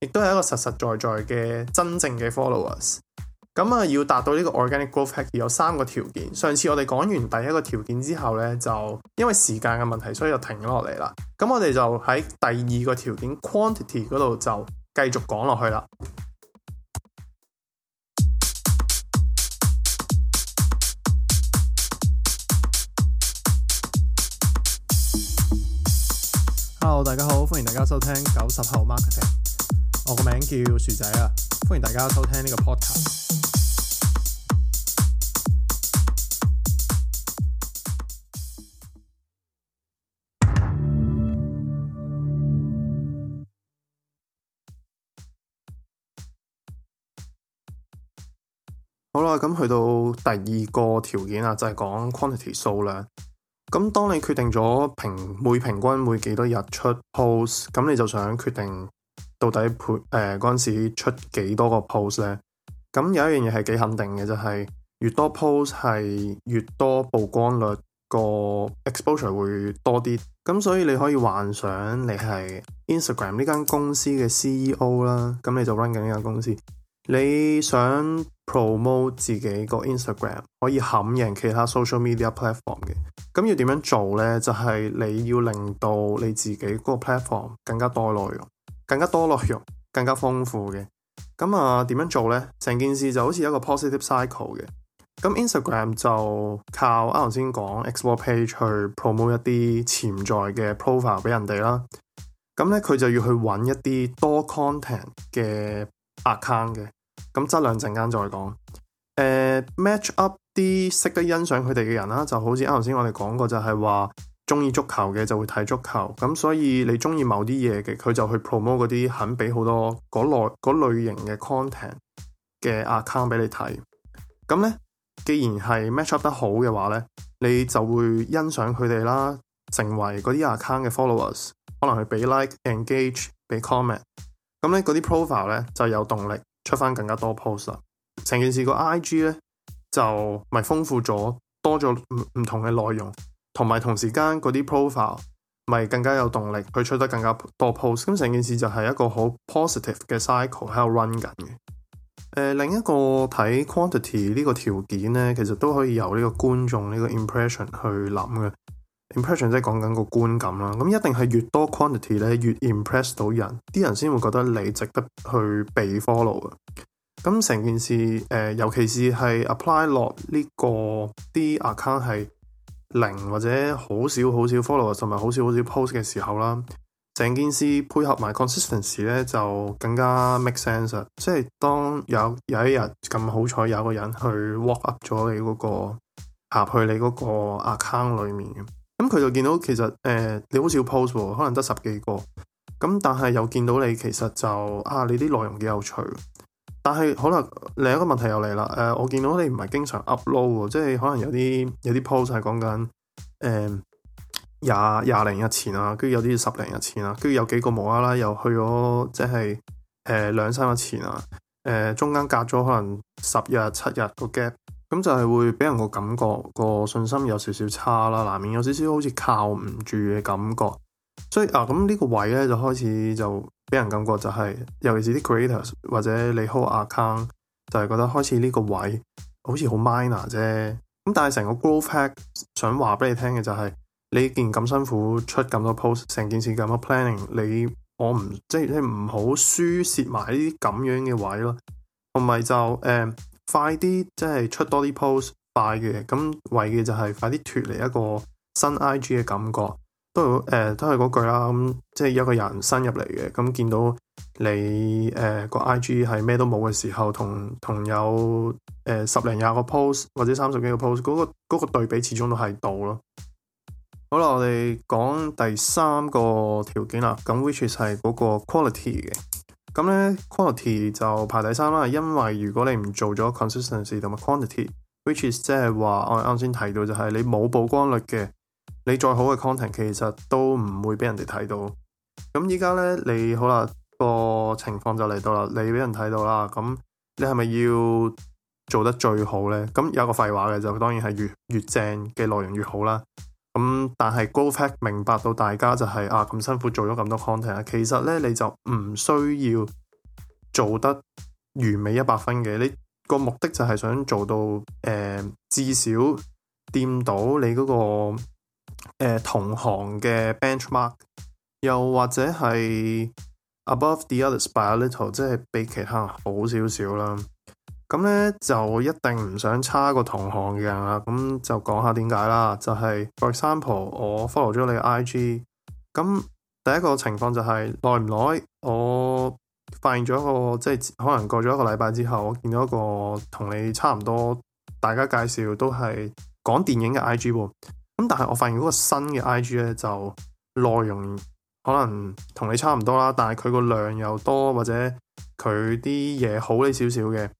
亦都係一個實實在在嘅真正嘅 followers。咁啊，要達到呢個 organic growth hack 有三個條件。上次我哋講完第一個條件之後呢，就因為時間嘅問題，所以就停咗落嚟啦。咁我哋就喺第二個條件 quantity 嗰度就繼續講落去啦。Hello，大家好，歡迎大家收聽九十後 marketing。我個名叫薯仔啊，歡迎大家收聽呢個 podcast。好啦，咁去到第二個條件啊，就係講 quantity 數量。咁當你決定咗平每平均每幾多日出 post，咁你就想決定。到底誒嗰陣時出幾多個 post 咧？咁有一樣嘢係幾肯定嘅就係、是，越多 post 係越多曝光率，個 exposure 會多啲。咁所以你可以幻想你係 Instagram 呢間公司嘅 CEO 啦，咁你就 run 緊呢間公司。你想 promote 自己個 Instagram 可以冚贏其他 social media platform 嘅？咁要點樣做咧？就係、是、你要令到你自己嗰個 platform 更加多內容。更加多內容、更加豐富嘅，咁啊點樣做呢？成件事就好似一個 positive cycle 嘅。咁 Instagram 就靠啱頭先講 Explore page 去 promote 一啲潛在嘅 profile 俾人哋啦。咁呢，佢就要去揾一啲多 content 嘅 account 嘅，咁質量陣間再講。誒、呃、match up 啲識得欣賞佢哋嘅人啦，就好似啱頭先我哋講過就，就係話。中意足球嘅就會睇足球，咁所以你中意某啲嘢嘅，佢就去 promote 嗰啲肯俾好多嗰類型嘅 content 嘅 account 俾你睇。咁咧，既然係 match up 得好嘅話咧，你就會欣賞佢哋啦，成為嗰啲 account 嘅 followers，可能去俾 like engage、engage、俾 comment。咁咧嗰啲 profile 咧就有動力出翻更加多 post 啦。成件事個 IG 咧就咪豐富咗多咗唔唔同嘅內容。同埋同時間嗰啲 profile 咪更加有動力去出得更加多 post，咁成件事就係一個好 positive 嘅 cycle 喺度 run 緊嘅。誒、呃、另一個睇 quantity 呢個條件咧，其實都可以由呢個觀眾呢個 impression 去諗嘅。impression 即係講緊個觀感啦。咁一定係越多 quantity 咧，越 impress 到人，啲人先會覺得你值得去被 follow。咁成件事誒、呃，尤其是係 apply 落呢個啲 account 係。零或者好少好少 follow，同埋好少好少 post 嘅時候啦，整件事配合埋 consistency 咧，就更加 make sense。即係當有一有一日咁好彩，有個人去 walk up 咗你嗰、嗰個入去你嗰個 account 裏面嘅，咁佢就見到其實誒、呃、你好少 post，可能得十幾個，咁但係又見到你其實就啊你啲內容幾有趣。但係好啦，另一個問題又嚟啦。誒、呃，我見到你唔係經常 upload 喎，即係可能有啲有啲 post 係講緊誒廿廿零日前啊，跟住有啲十零日前啊，跟住有幾個無啦啦又去咗，即係誒兩三日前啊，誒中間隔咗可能十日七日個 gap，咁就係會俾人個感覺、個信心有少少差啦，難免有少少好似靠唔住嘅感覺。所以啊，咁呢個位咧就開始就～俾人感覺就係、是，尤其是啲 creators 或者你 hold account，就係覺得開始呢個位好似好 minor 啫。咁但係成個 growth hack 想話俾你聽嘅就係、是，你既然咁辛苦出咁多 post，成件事咁多 planning，你我唔即係即唔好輸蝕埋呢啲咁樣嘅位咯。同埋就誒、呃、快啲，即、就、係、是、出多啲 post，快嘅。咁為嘅就係快啲脫離一個新 IG 嘅感覺。都誒都係嗰句啦，咁即係一個人新入嚟嘅，咁見到你誒個 IG 係咩都冇嘅時候，同同有誒十零廿個 post 或者三十幾個 post 嗰個嗰個對比，始終都係到咯。好啦，我哋講第三個條件啦，咁 which is 係嗰個 quality 嘅。咁咧 quality 就排第三啦，因為如果你唔做咗 consistency 同埋 quantity，which is 即係話我啱先提到就係你冇曝光率嘅。你再好嘅 content 其實都唔會俾人哋睇到，咁依家咧你好啦，個情況就嚟到啦，你俾人睇到啦，咁你係咪要做得最好咧？咁有個廢話嘅就當然係越越正嘅內容越好啦。咁但係 GoBack 明白到大家就係、是、啊咁辛苦做咗咁多 content 啊，其實咧你就唔需要做得完美一百分嘅，你個目的就係想做到誒、呃、至少掂到你嗰、嗰個。誒、呃，同行嘅 benchmark，又或者係 above the others by a little，即係比其他人好少少啦。咁咧就一定唔想差過同行嘅人啦。咁就講下點解啦，就係 for example 我 follow 咗你嘅 IG。咁第一個情況就係耐唔耐，久久我發現咗一個即係可能過咗一個禮拜之後，我見到一個同你差唔多，大家介紹都係講電影嘅 IG。咁但係我發現嗰個新嘅 IG 咧就內容可能同你差唔多啦，但係佢個量又多，或者佢啲嘢好你少少嘅。誒、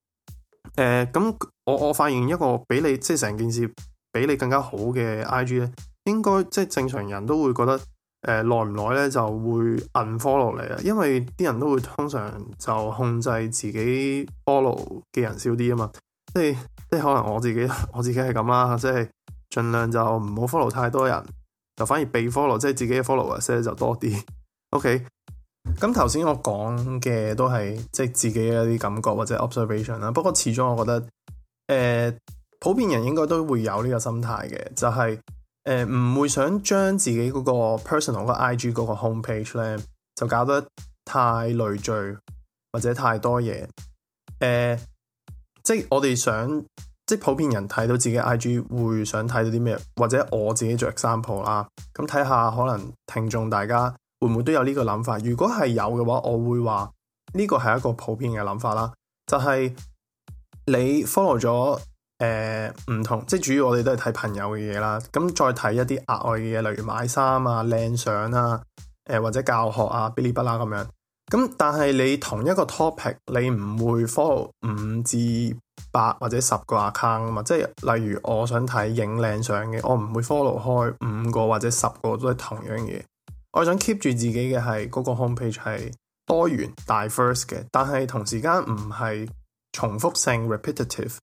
呃，咁我我發現一個比你即係成件事比你更加好嘅 IG 咧，應該即係正常人都會覺得誒耐唔耐咧就會 unfollow 落嚟啦，因為啲人都會通常就控制自己 follow 嘅人少啲啊嘛，即係即係可能我自己我自己係咁啦，即係。盡量就唔好 follow 太多人，就反而被 follow，即係自己嘅 followers 就多啲。OK，咁頭先我講嘅都係即係自己嘅一啲感覺或者 observation 啦。不過始終我覺得，誒、呃，普遍人應該都會有呢個心態嘅，就係誒唔會想將自己嗰個 personal 嘅 IG 嗰個 homepage 咧就搞得太累贅或者太多嘢。誒、呃，即係我哋想。即係普遍人睇到自己 IG 會想睇到啲咩，或者我自己著衫鋪啦，咁睇下可能聽眾大家會唔會都有呢個諗法？如果係有嘅話，我會話呢個係一個普遍嘅諗法啦。就係你 follow 咗誒唔同，即係主要我哋都係睇朋友嘅嘢啦。咁再睇一啲額外嘅嘢，例如買衫啊、靚相啊、誒或者教學啊、比哩不啦咁樣。咁但係你同一個 topic，你唔會 follow 五至八或者十個 account 啊嘛，即係例如我想睇影靚相嘅，我唔會 follow 開五個或者十個都係同樣嘢。我想 keep 住自己嘅係嗰個 homepage 係多元 diverse 嘅，但係同時間唔係重複性 repetitive，誒、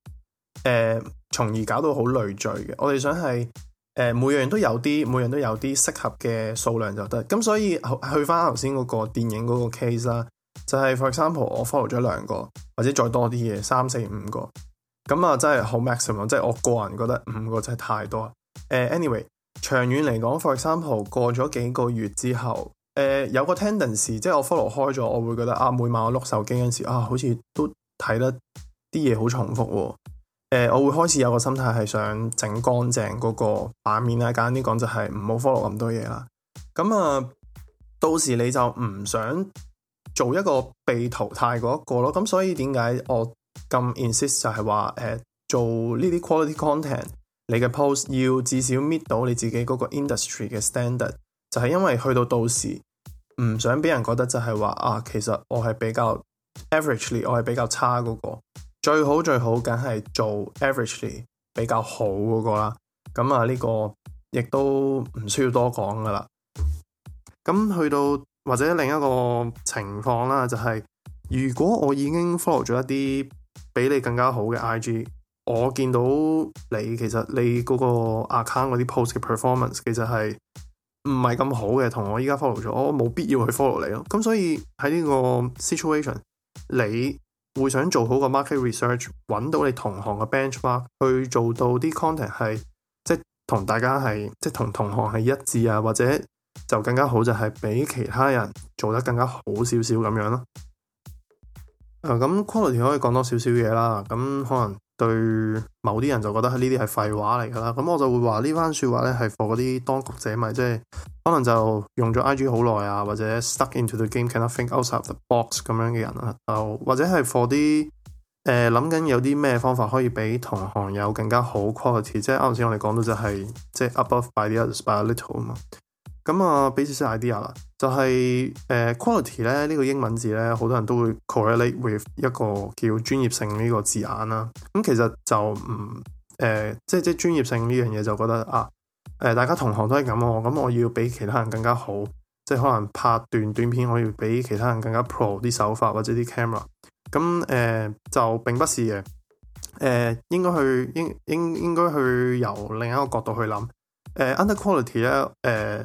呃，從而搞到好累贅嘅。我哋想係誒每樣都有啲，每樣都有啲適合嘅數量就得。咁所以去翻頭先嗰個電影嗰個 case 啦。就係 for example，我 follow 咗兩個，或者再多啲嘢，三四五個，咁啊真係好 maximum，即係我個人覺得五個真係太多。誒、uh,，anyway，長遠嚟講，for example，過咗幾個月之後，誒、uh, 有個 tendency，即係我 follow 開咗，我會覺得啊，每晚我碌手機嗰陣時啊，好似都睇得啲嘢好重複、啊。誒、uh,，我會開始有個心態係想整乾淨嗰個版面啦，簡單啲講就係唔好 follow 咁多嘢啦。咁啊，uh, 到時你就唔想。做一個被淘汰嗰一個咯，咁所以點解我咁 insist 就係話誒做呢啲 quality content，你嘅 post 要至少 meet 到你自己嗰個 industry 嘅 standard，就係因為去到到時唔想俾人覺得就係話啊，其實我係比較 averagely，我係比較差嗰個，最好最好梗係做 averagely 比較好嗰個啦，咁啊呢個亦都唔需要多講噶啦，咁去到。或者另一個情況啦，就係，就係如果我已經 follow 咗一啲比你更加好嘅 IG，我見到你其實你嗰個 account 嗰啲 post 嘅 performance 其實係唔係咁好嘅，同我依家 follow 咗，我冇必要去 follow 你咯。咁所以喺呢個 situation，你會想做好個 market research，揾到你同行嘅 benchmark，去做到啲 content 係即同大家係即同同行係一致啊，或者。就更加好，就係、是、比其他人做得更加好少少咁樣咯、啊啊。咁 quality 可以講多少少嘢啦。咁可能對某啲人就覺得呢啲係廢話嚟噶啦。咁我就會說話呢番説話咧係 for 嗰啲當局者迷，即係可能就用咗 IG 好耐啊，或者 stuck into the game cannot think outside the box 咁樣嘅人啊，就或者係 for 啲誒諗緊有啲咩方法可以比同行有更加好 quality，即係啱頭先我哋講到就係即係 above by the others by a little 啊嘛。咁啊，俾少少 idea 啦、就是，就係誒 quality 咧呢、呢個英文字咧，好多人都會 correlate with 一個叫專業性呢個字眼啦。咁、嗯、其實就唔誒、呃，即即專業性呢樣嘢就覺得啊，誒、呃、大家同行都係咁喎，咁、哦嗯、我要比其他人更加好，即可能拍段短片我要比其他人更加 pro 啲手法或者啲 camera、嗯。咁、呃、誒就並不是嘅，誒、呃、應該去應應應該去由另一個角度去諗，誒、呃、under quality 咧，誒、呃。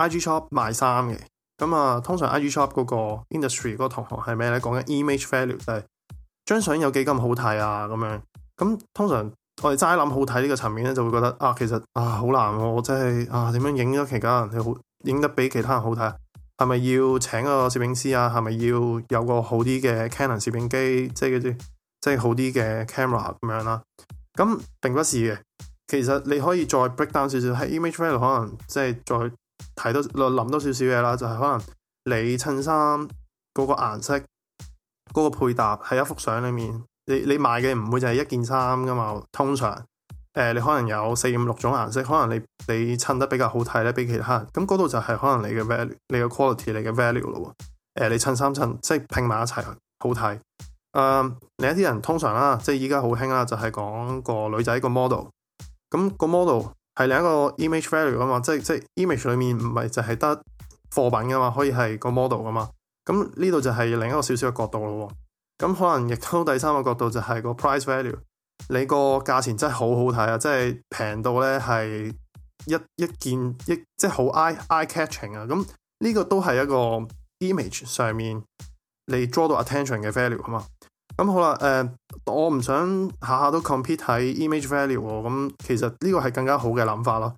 IG shop 賣衫嘅，咁啊，通常 IG shop 嗰個 industry 嗰個同學係咩咧？講緊 image value，就係張相有幾咁好睇啊，咁樣。咁通常我哋齋諗好睇呢個層面咧，就會覺得啊，其實啊，好難喎，我真係啊，點樣影咗其他人好，影得比其他人好睇啊？係咪要請個攝影師啊？係咪要有個好啲嘅 Canon 攝影機，即係嗰啲即係好啲嘅 camera 咁樣啦啊？咁並不是嘅，其實你可以再 break down 少少喺 image value，可能即係再。睇到諗多少少嘢啦，就係、是、可能你襯衫嗰個顏色嗰、那個配搭喺一幅相裏面，你你買嘅唔會就係一件衫噶嘛通常誒、呃、你可能有四五六種顏色，可能你你襯得比較好睇咧，比其他人咁嗰度，就係可能你嘅 value，你嘅 quality，你嘅 value 咯，誒、呃、你襯衫襯，即係拼埋一齊好睇，誒、嗯、另一啲人通常啦，即係依家好興啦，就係、是、講個女仔 mod 個 model，咁個 model。係另一個 image value 啊嘛，即係即係 image 裡面唔係就係得貨品啊嘛，可以係個 model 啊嘛。咁呢度就係另一個少少嘅角度咯。咁可能亦都第三個角度就係個 price value，你個價錢真係好好睇啊，即係平到咧係一一件一即係好 eye catching 啊。咁呢個都係一個 image 上面你 draw 到 attention 嘅 value 啊嘛。咁好啦，誒、呃，我唔想下下都 compete 喺 image value 咁、哦、其實呢個係更加好嘅諗法咯。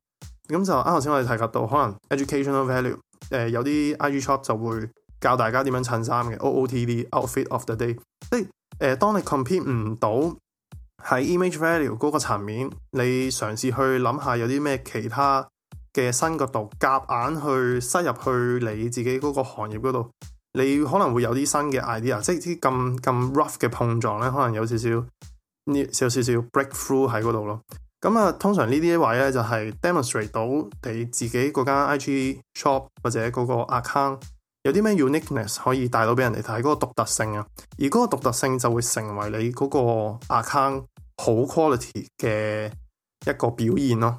咁就啱頭先我哋提及到，可能 educational value，誒、呃、有啲 IG shop 就會教大家點樣襯衫嘅 OOTD outfit of the day，即係誒、呃、當你 compete 唔到喺 image value 嗰個層面，你嘗試去諗下有啲咩其他嘅新角度，夾硬去塞入去你自己嗰個行業嗰度。你可能會有啲新嘅 idea，即係啲咁咁 rough 嘅碰撞咧，可能有少少呢，有少少 breakthrough 喺嗰度咯。咁啊，通常呢啲位咧就係 demonstrate 到你自己嗰間 IG shop 或者嗰個 account 有啲咩 uniqueness 可以帶到俾人哋睇，嗰個獨特性啊。而嗰個獨特性就會成為你嗰個 account 好 quality 嘅一個表現咯。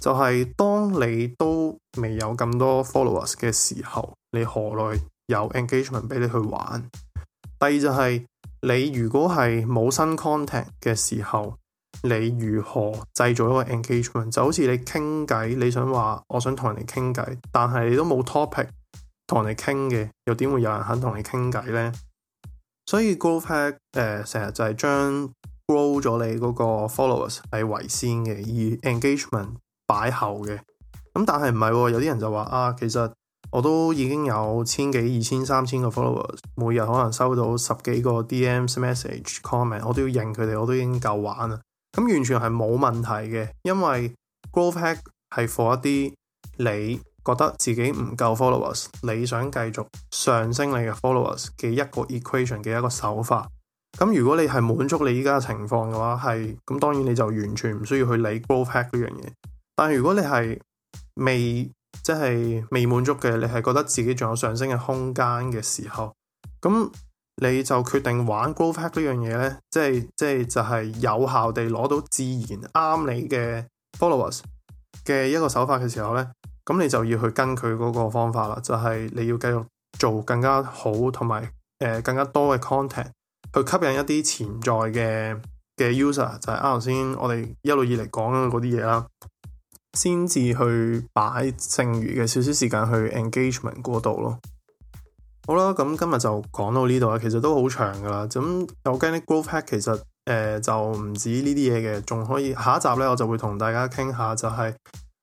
就係當你都未有咁多 followers 嘅時候，你何來有 engagement 俾你去玩？第二就係、是、你如果係冇新 content 嘅時候，你如何製造一個 engagement？就好似你傾偈，你想話我想同人哋傾偈，但係你都冇 topic 同人哋傾嘅，又點會有人肯同你傾偈呢？所以 Act,、呃、grow back 誒，成日就係將 grow 咗你嗰個 followers 係為先嘅，而 engagement。擺後嘅咁，但係唔係喎，有啲人就話啊，其實我都已經有千幾、二千、三千個 followers，每日可能收到十幾個 DMs、message、comment，我都要認佢哋，我都已經夠玩啦。咁、嗯、完全係冇問題嘅，因為 growth hack 係 for 一啲你覺得自己唔夠 followers，你想繼續上升你嘅 followers 嘅一個 equation 嘅一個手法。咁、嗯、如果你係滿足你依家嘅情況嘅話，係咁、嗯、當然你就完全唔需要去理 growth hack 呢樣嘢。但係如果你係未即係未滿足嘅，你係覺得自己仲有上升嘅空間嘅時候，咁你就決定玩 growth hack 呢樣嘢咧，即係即係就係、是、有效地攞到自然啱你嘅 followers 嘅一個手法嘅時候咧，咁你就要去跟佢嗰個方法啦，就係、是、你要繼續做更加好同埋誒更加多嘅 content 去吸引一啲潛在嘅嘅 user，就係啱頭先我哋一路以嚟講緊嗰啲嘢啦。先至去擺剩餘嘅少少時間去 engagement 嗰度咯好。好啦，咁今日就講到呢度啦，其實都好長噶啦。咁 organic growth hack 其實誒、呃、就唔止呢啲嘢嘅，仲可以下一集咧，我就會同大家傾下就係、是、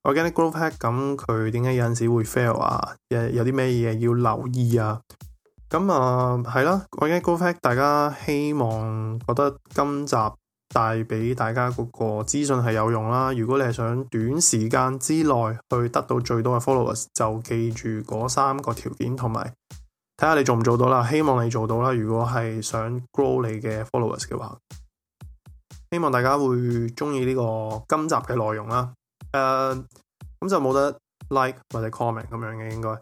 organic growth hack，咁佢點解有陣時會 fail 啊？誒，有啲咩嘢要留意啊？咁啊係啦，organic growth hack，大家希望覺得今集。帶俾大家嗰個資訊係有用啦。如果你係想短時間之內去得到最多嘅 followers，就記住嗰三個條件，同埋睇下你做唔做到啦。希望你做到啦。如果係想 grow 你嘅 followers 嘅話，希望大家會中意呢個今集嘅內容啦。誒、呃，咁就冇得 like 或者 comment 咁樣嘅應該。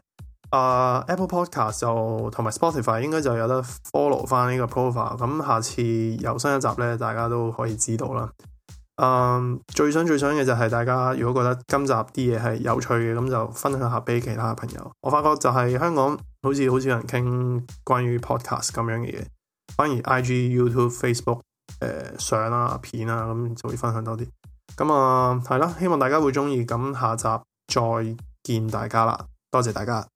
啊、uh，Apple Podcast 就同埋 Spotify 應該就有得 follow 返呢個 profile。咁下次有新一集咧，大家都可以知道啦。嗯、uh，最想最想嘅就係大家如果覺得今集啲嘢係有趣嘅，咁就分享下俾其他朋友。我發覺就係香港好似好少人傾關於 podcast 咁樣嘅嘢，反而 IG YouTube、Facebook、呃、YouTube、Facebook 誒相啦、啊、片啊咁就會分享多啲。咁啊，係、uh, 啦，希望大家會中意。咁下集再見大家啦，多謝大家。